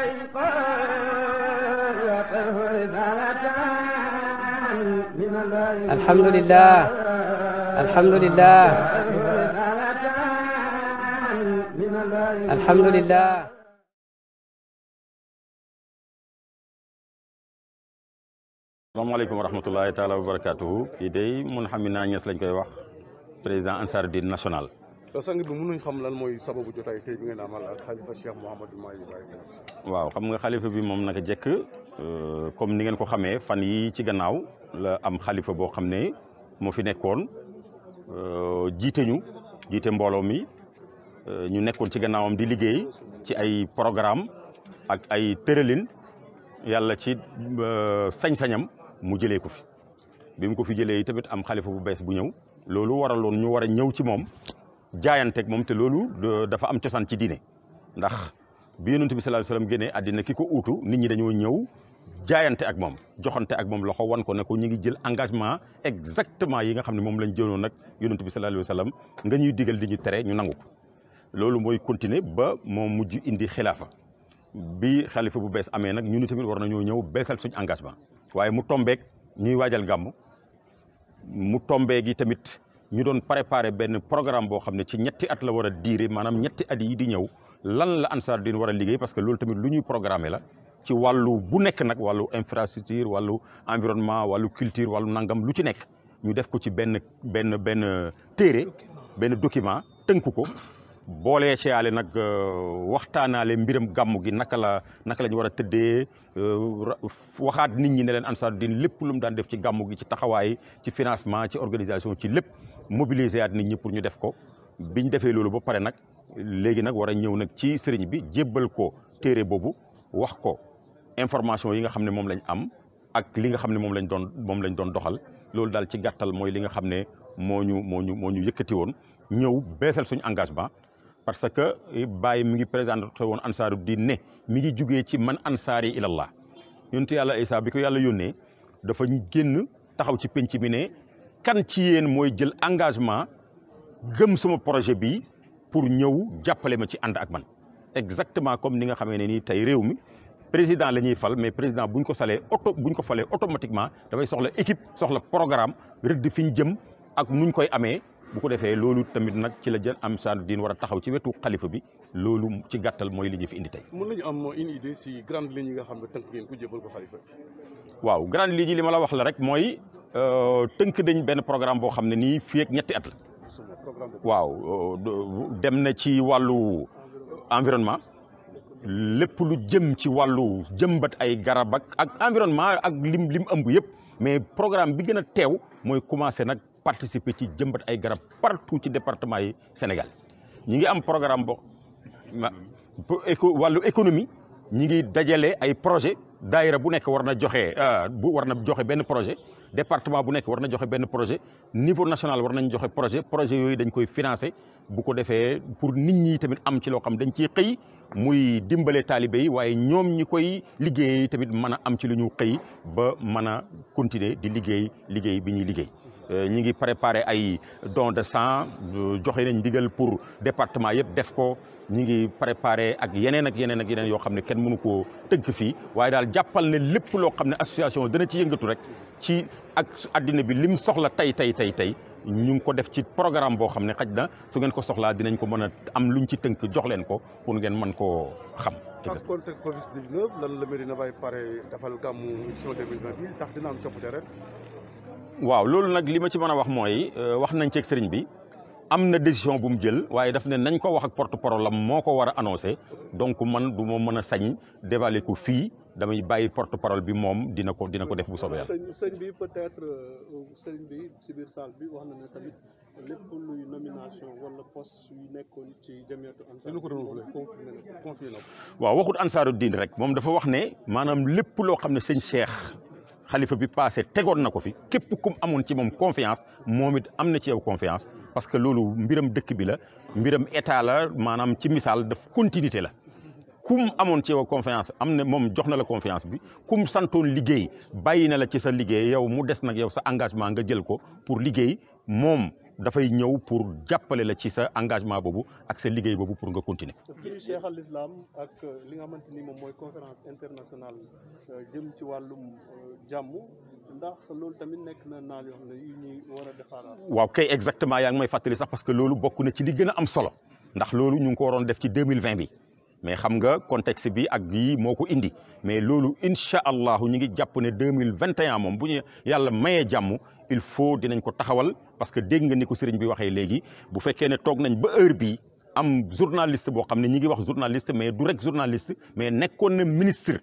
alhamdulilah alhamdulilah alhamdulilah. salaamaaleykum wa rahmatulahi taala wa barakaatuhu kii day mun xam naa ñes lañ koy wax président Ansaaru Diin national. te sang bi mënuñ xam lan mooy sababu jotaay tey bi ngeen amal ak xalifa Cheikh Mouhamadou Mahi Ibrahima Niass. waaw xam nga xalifa bi moom naka jekk euh, comme ni ngeen ko xamee fan yi ci gannaaw am xalifa boo xam ne moo fi nekkoon euh, jiite ñu jiite mbooloo mi euh, ñu nekkoon ci gannaawam di liggéey ci ay programme ak ay tëralin yàlla ci sañ-sañam mu jëlee ko fi bi ko fi jëlee yi tamit am xalifa bu bees bu ñëw loolu waraloon ñu war a ñëw ci moom jaayanteeg moom te loolu dafa am cosaan ci diine ndax bi yonent bi sallallahu alayhi wasallam génnee àddina ki ko utu nit ñi dañoo ñëw jaayante ak moom joxante ak moom loxo wan ko ne ko ñu ngi jël engagement exactement yi nga xam ne moom lañ jëloon nag yonent bi sallallahu alayhi wasallam nga ñuy digal di ñu tere ñu nangu ko loolu mooy continuer ba moo mujj indi xilaafa bi xalifa bu bees amee nag ñun tamit war nañoo ñëw beesal suñu engagement waaye mu tombeeg ñuy waajal gàmm mu tamit ñu doon préparer benn programme boo xam ne ci ñetti at la war a diire maanaam ñetti at yi di ñëw lan la Ansar Dine war a liggéey parce que loolu tamit lu ñuy programmer la ci wàllu bu nekk nag wàllu infrastructure wallu environnement wàllu culture wàllu nangam lu ci nekk ñu def ko ci benn benn benn téere benn document tënk ko boolee seyaale nag euh, waxtaanaale mbiram gàmmu gi naka la naka la ñu war a tëddee euh, waxaat nit ñi ne leen Ansaru Din lépp lu mu daan def ci gàmmu gi ci taxawaay ci financement ci organisation ci lépp mobiliser at nit ñi pour ñu def ko biñ defee loolu ba pare nag léegi nag war a ñëw nag ci sëriñ bi jébbal ko téere boobu wax ko information yi nga xam ne moom lañ am ak li nga xam ne moom lañ doon moom lañ doon doxal loolu daal ci gàttal mooy li nga xam ne moo ñu moo ñu moo ñu yëkkati woon ñëw beesal suñu engagement parce que Baye mi ngi présenté woon ansaaru diin ne mi ngi jugee ci man ansaari ilallah yonent yàlla Isaa bi ko yàlla yónnee dafa génn taxaw ci penc mi ne kan ci yéen mooy jël engagement gëm sama projet bi pour ñëw jàppale ma ci ànd ak man exactement comme ni nga xamee ne nii tey réew mi président la ñuy fal mais président buñ ko salee auto buñ ko falee automatiquement dafay soxla équipe soxla programme rëdd fi ñu jëm ak nuñ koy amee bu ko defee loolu tamit nag ci la jël am saanu diin war a taxaw ci wetu xalifa bi loolu ci gàttal mooy li ñu fi indi tey. mën nañu am une idée si grande ligne yi nga xam ne tënk ngeen ko jébal ko xalifa waaw grande ligne yi li ma la wax la rek mooy euh, tënk dañ benn programme boo xam ne nii fii ak ñetti at la. waaw euh, dem na ci wàllu environnement. lépp lu jëm ci wàllu jëmbat ay garabak ak ak environnement ak lim lim ëmb yëpp mais programme bi gën a teew mooy commencé nag participer ci jëmbat ay garab partout ci département yi Sénégal ñi ngi am programme bo éco wàllu économie ñi ngi dajale ay projet daayira bu nekk war na joxe euh, bu war na joxe benn projet département bu nekk war na joxe benn projet niveau national war nañ joxe projet projet yooyu dañ koy financer bu ko defee pour nit ñi tamit am ci loo xam dañ ci xëy muy dimbale taalibe yi waaye ñoom ñi koy liggéey tamit mën a am ci lu ñu xëy ba mën a continuer di liggéey liggéey bi ñuy liggéey Euh, ñi ngi préparé ay don de sang euh, joxe nañ ndigal pour département yëpp def ko ñi ngi préparer ak yeneen ak yeneen ak yeneen yoo xam ne kenn mënu koo tënk fii waaye daal jàppal ne lépp loo xam ne association dana ci yëngatu rek ci ak addina bi lim soxla tey tey tey tey ñu ngi ko def ci programme boo xam ne xaj na su ngeen ko soxlaa dinañ ko mën a am ñu ci tënk jox leen ko pour ngeen mën koo xam. exactement sans compter Covid 19 lan la Médina Baye pare dafal gàmmu édition 2020 bi tax dina am coppite waaw loolu nag li ma ci man a wax mooy euh, wax nañ ceeg sëriñ bi am na décision bu mu jël waaye daf ne nañ ko wax ak porte-parole am moo ko war a annoncé donc man du ma mën a sañ déballer ko fii damay bàyyi porte-parole bi moom dina ko dina ko def bu soobee yàlla. sëñ bi peut-être euh, si biir salle bi wax na ne tamit lépp luy nomination wala poste yu nekkoon ci waaw waxut ansaaru diin rek moom dafa wax ne maanaam lépp loo xam ne sëñ Cheikh. xalifa bi passé tegoon na ko fi képp kum amoon ci moom confiance moom it am na ci yow confiance parce que loolu mbiram dëkk bi la mbiram état la maanaam ci misaal daf continuité la kum amoon ci yow confiance am na moom jox na la confiance bi kum santoon liggéey bàyyi na la ci sa liggéey yow mu des nag yow sa engagement nga jël ko pour liggéey moom dafay ñëw pour jàppale la ci sa engagement boobu ak sa liggéey boobu pour nga continuer. kii Cheikh al Islam ak euh, li nga xamante ni moom mooy conférence internationale euh, jëm ci wàllum euh, jàmm ndax loolu tamit nekk na naal yoo xam ne a defaraat. waaw kay exactement yaa ngi may fàttali sax parce que loolu bokk na ci li gën am solo ndax loolu ñu ngi ko waroon def ci deux mille vingt bi. mais xam nga contexte bi ak bii moo ko indi mais loolu incha allahu ñu ngi jàpp ne deux mille vingt et moom bu ñu yàlla mayee jàmm il faut dinañ ko taxawal parce que dégg nga ni ko sëriñ bi waxee léegi bu fekkee ne toog nañ ba heure bii am journaliste boo xam ne ñi ngi wax journaliste mais du rek journaliste mais nekkoon na ministre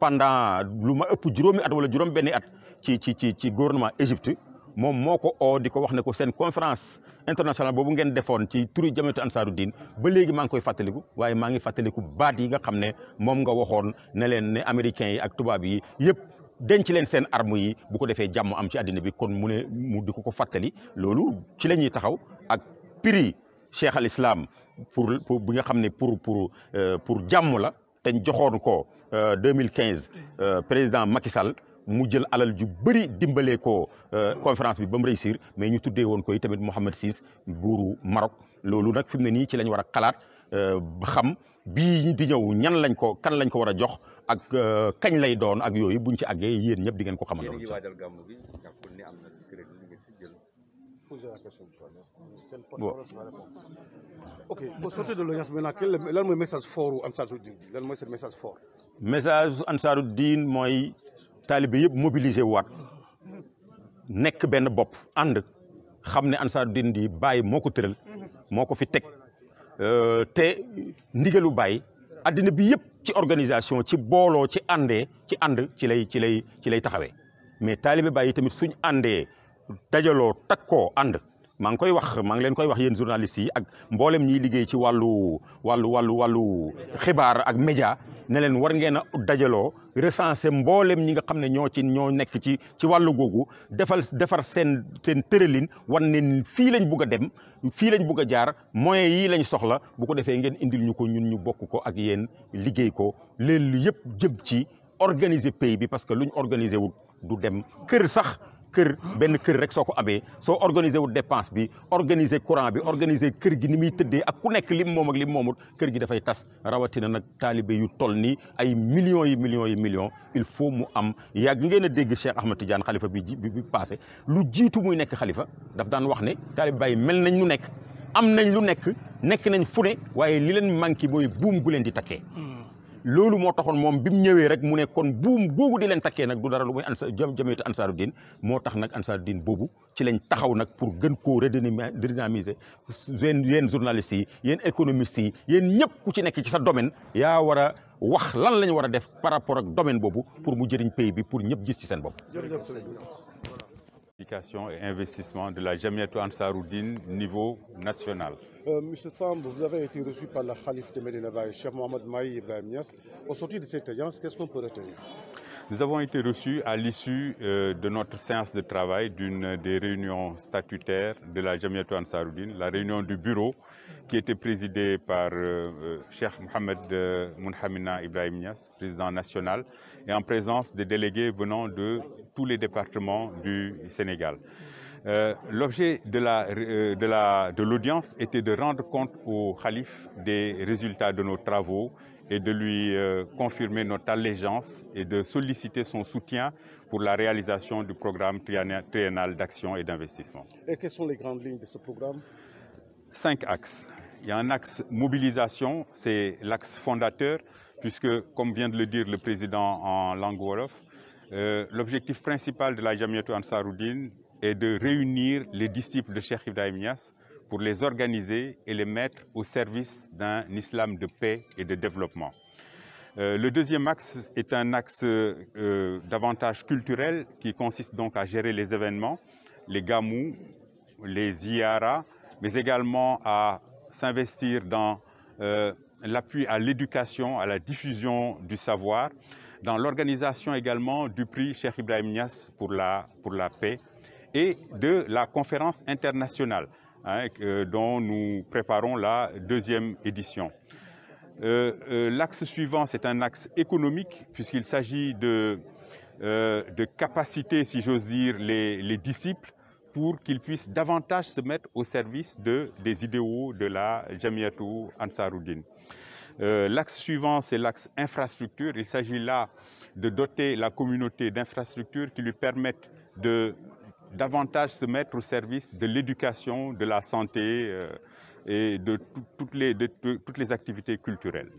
pendant lu ma ëpp juróomi at wala juróom benni at ci ci ci ci gouvernement Égypte moom moo ko oo di ko wax ne ko seen conférence internationale boobu ngeen defoon ci turu jamatu ansaaru din ba léegi maa ngi koy fàttaliku waaye maa ngi fàttaliku baat yi nga xam ne moom nga waxoon ne leen ne américains yi ak tubaab yi yëpp denc leen seen armu yi bu ko defee jàmm am ci àddina bi kon mu ne mu di ko ko fàttali loolu ci la ñuy taxaw ak prix cheikh al islam pour pour bi nga xam ne pour pour euh, pour jàmm la te joxoon ko 2015 euh, euh, président Macky mu jël alal ju bëri dimbalee ko euh, conférence bi ba mu réussir mais ñu tuddee woon koy tamit Mohamed VI buuru Maroc loolu nag fi mu ne nii ci lañ ñu war a xalaat ba euh, xam bii di ñëw ñan lañ ko kan lañ ko war a jox ak euh, kañ lay doon ak yooyu buñ ci àggee yéen ñëpp di ngeen ko xamandoo. ok boo sortee de l'audience maintenant lan mooy message fort u Ansaarud Din lan mooy seen message fort. message Ansaarud Din mooy. taalibe yëpp mobiliser waat nekk benn bopp ànd xam ne Ansaarud-Din di Baye moo ko tëral moo ko fi teg euh, te ndigalu Baye addina bi yëpp ci organisation ci booloo ci àndee ci ànd ci lay ci lay ci lay taxawee mais taalibe Baye tamit suñ àndee dajaloo takkoo ànd maa ngi koy wax maa ngi leen koy wax yen journalistes yi ak mboolem ñiy liggéey ci wàllu wàllu wàllu wàllu xibaar ak média neleen war ngeen a dajaloo recenser mboolem ñi nga xam ne ñoo ci ñoo nekk ci ci wàllu googu defal defar seen seen tëralin wan ne fii lañ bugg a dem fii lañ bugg a jaar moyens yii lañ soxla bu ko defee ngeen indil ñu ko ñun ñu bokk ko ak yéen liggéey ko léegi yëpp jëm ci organiser pays bi parce que luñ organiser wul du dem kër sax. kër benn kër rek soo ko abee soo organiser wu dépense bi organiser courant bi organiser kër gi ni muy tëddee ak ku nekk li moom ak lim moomut kër gi dafay tas rawatina nag taalibe yu tol nii ay millions yi millions yi millions il faut mu am yàgg ngeen a dégg Cheikh Ahmed Tidiane xalifa bi bi passé lu jiitu muy nekk xalifa daf daan wax ne taalibe bàyyi mel nañ lu nekk am nañ lu nekk nekk nañ fu ne waaye li leen manqué mooy buum gu leen di takkee hmm. loolu moo taxoon moom bi mu ñëwee rek mu ne kon buum googu di leen takkee nag du dara lu muy ansa jamiyatu ansaaru diin moo tax nag ansaaru diin boobu ci lañ taxaw nag pour gën koo redynamiser yéen yéen journalistes yi yéen économistes yi yéen ñëpp ku ci nekk ci sa domaine yaa war wax lan la ñu war a def par rapport ak domaine boobu pour mu jëriñ pays bi pour ñëpp gis ci seen bopp. application et investissement de la Jamiatou Ansaroudine niveau national. Euh, Monsieur Samb, vous avez été reçu par la Khalif de Medina Baye, Cheikh Mohamed Maï Ibrahim Niass. Au sortir de cette alliance, qu'est-ce qu'on peut retenir Nous avons été reçus à l'issue euh, de notre séance de travail d'une des réunions statutaires de la Jamiatou Ansaroudine, la réunion du bureau qui était présidée par euh, euh, Cheikh Mohamed euh, Mounhamina Ibrahim Nias, président national, et en présence des délégués venant de tous les départements du Sénégal. Euh, l'objet de la euh, de la de l'audience était de rendre compte au calife des résultats de nos travaux et de lui euh, confirmer notre allégeance et de solliciter son soutien pour la réalisation du programme triennal d'action et d'investissement. Et quelles sont les grandes lignes de Cinq axes. Il y a un axe mobilisation, c'est l'axe fondateur, puisque, comme vient de le dire le président en langue Wolof, euh, l'objectif principal de la Jamiatou Ansaroudine est de réunir les disciples de Cheikh Ibrahim Niass pour les organiser et les mettre au service d'un islam de paix et de développement. Euh, le deuxième axe est un axe euh, davantage culturel qui consiste donc à gérer les événements, les gamous, les ziyaras, mais également à s'investir dans euh, l'appui à l'éducation, à la diffusion du savoir, dans l'organisation également du prix Cheikh Ibrahim Niass pour la, pour la paix et de la conférence internationale hein, dont nous préparons la deuxième édition. Euh, euh, L'axe suivant, c'est un axe économique, puisqu'il s'agit de, euh, de capaciter, si j'ose dire, les, les, disciples pour qu'ils puissent davantage se mettre au service de, des idéaux de la Jamiatou Ansaruddin. Euh, l'axe suivant, c'est l'axe infrastructure. Il s'agit là de doter la communauté d'infrastructures qui lui permettent de davantage se mettre au service de l'éducation, de la santé euh, et de, tout, toutes les, de, les activités culturelles.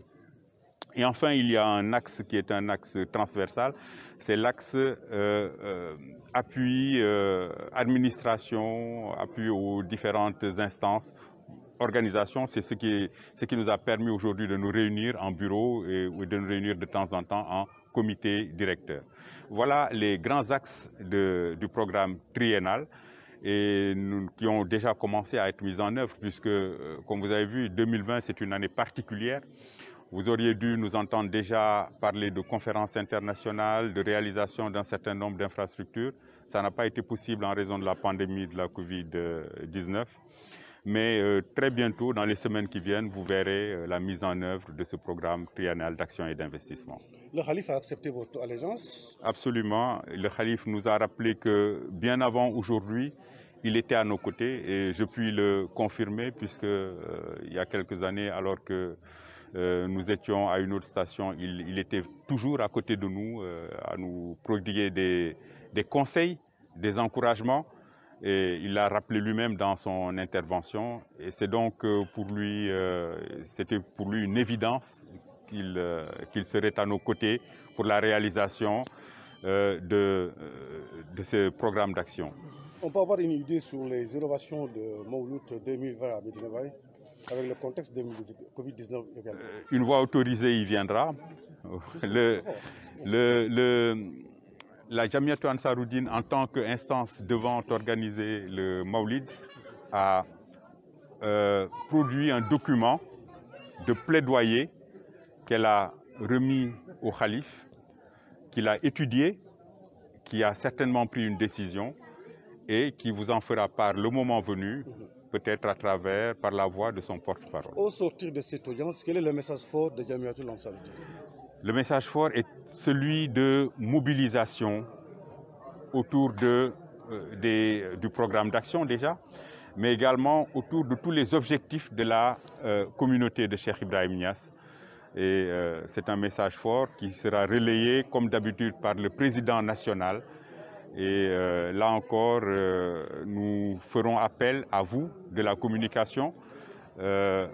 Et enfin, il y a un axe est un axe transversal, c'est l'axe euh, euh, appui, euh, administration, appui aux différentes instances, organisation, c'est ce qui, est, de réunir en bureau de nous de temps en temps en comité directeur. Voilà les grands axes de, du programme triennal et nous, qui ont déjà commencé à être mis en œuvre puisque, euh, comme vous avez vu, 2020, c'est une année particulière. Vous auriez dû nous entendre déjà parler de conférences internationales, de réalisation d'un certain nombre d'infrastructures. Ça n'a pas été possible en raison de la pandémie de la Mais euh, très bientôt, dans les semaines qui viennent, vous verrez euh, la mise en œuvre de ce programme triennal d'action et d'investissement. Le calife a accepté votre allégeance Absolument. Le calife nous a rappelé que bien avant aujourd'hui, il était à nos côtés et je puis le confirmer puisque euh, il y a quelques années, alors que euh, nous étions à une autre station, il, il, était toujours à côté de nous, euh, à nous prodiguer des, des, conseils, des encouragements. il l'a rappelé lui-même dans son intervention. Et c'est donc euh, pour lui, euh, c'était pour lui une évidence euh, qu'il serait à nos côtés pour la réalisation de, de ce programme d'action. On peut avoir une idée sur les innovations de Moulout 2020 à Medinavaï avec le contexte de Covid-19 Une voie autorisée y viendra. le, la Jamiatou Ansaroudine en tant qu'instance devant organiser le Maulid a euh, produit un document de plaidoyer qu'elle a remis au calife, qu'il a étudié, qui a certainement pris une décision et qui vous en fera part le moment venu, peut-être à travers, par la voix de son porte-parole. Au sortir de cette audience, quel est le message fort de Jamiatou Ansaroudine Le message fort est celui de mobilisation autour de, euh, des, euh, du programme d'action déjà, mais également autour de tous les objectifs de la euh, communauté de Cheikh Ibrahim Nias. Et euh, c'est un message fort qui sera relayé, comme d'habitude, par le président national. Et euh, là encore, euh, nous ferons appel à vous de la communication euh,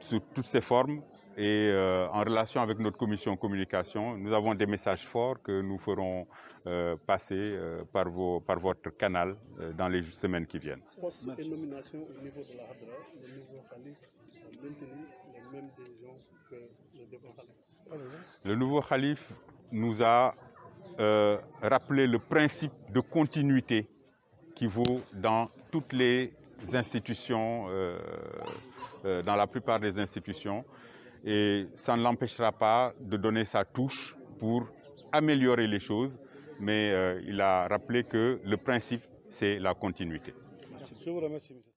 sous toutes ses formes et euh, en relation avec notre commission communication, nous avons des messages forts que nous ferons euh, passer euh, par, vos, par votre canal euh, dans les semaines qui viennent. Poste et nomination au niveau de la Hadra, le nouveau calife a maintenu les mêmes décisions que le devant calife. Le nouveau calife nous a euh, rappelé le principe de continuité qui vaut dans toutes les institutions, euh, euh, dans la plupart des institutions. et ça ne l'empêchera pas de donner sa touche pour améliorer les choses, mais euh, il a rappelé que le principe, c'est la continuité. Merci. Je vous remercie,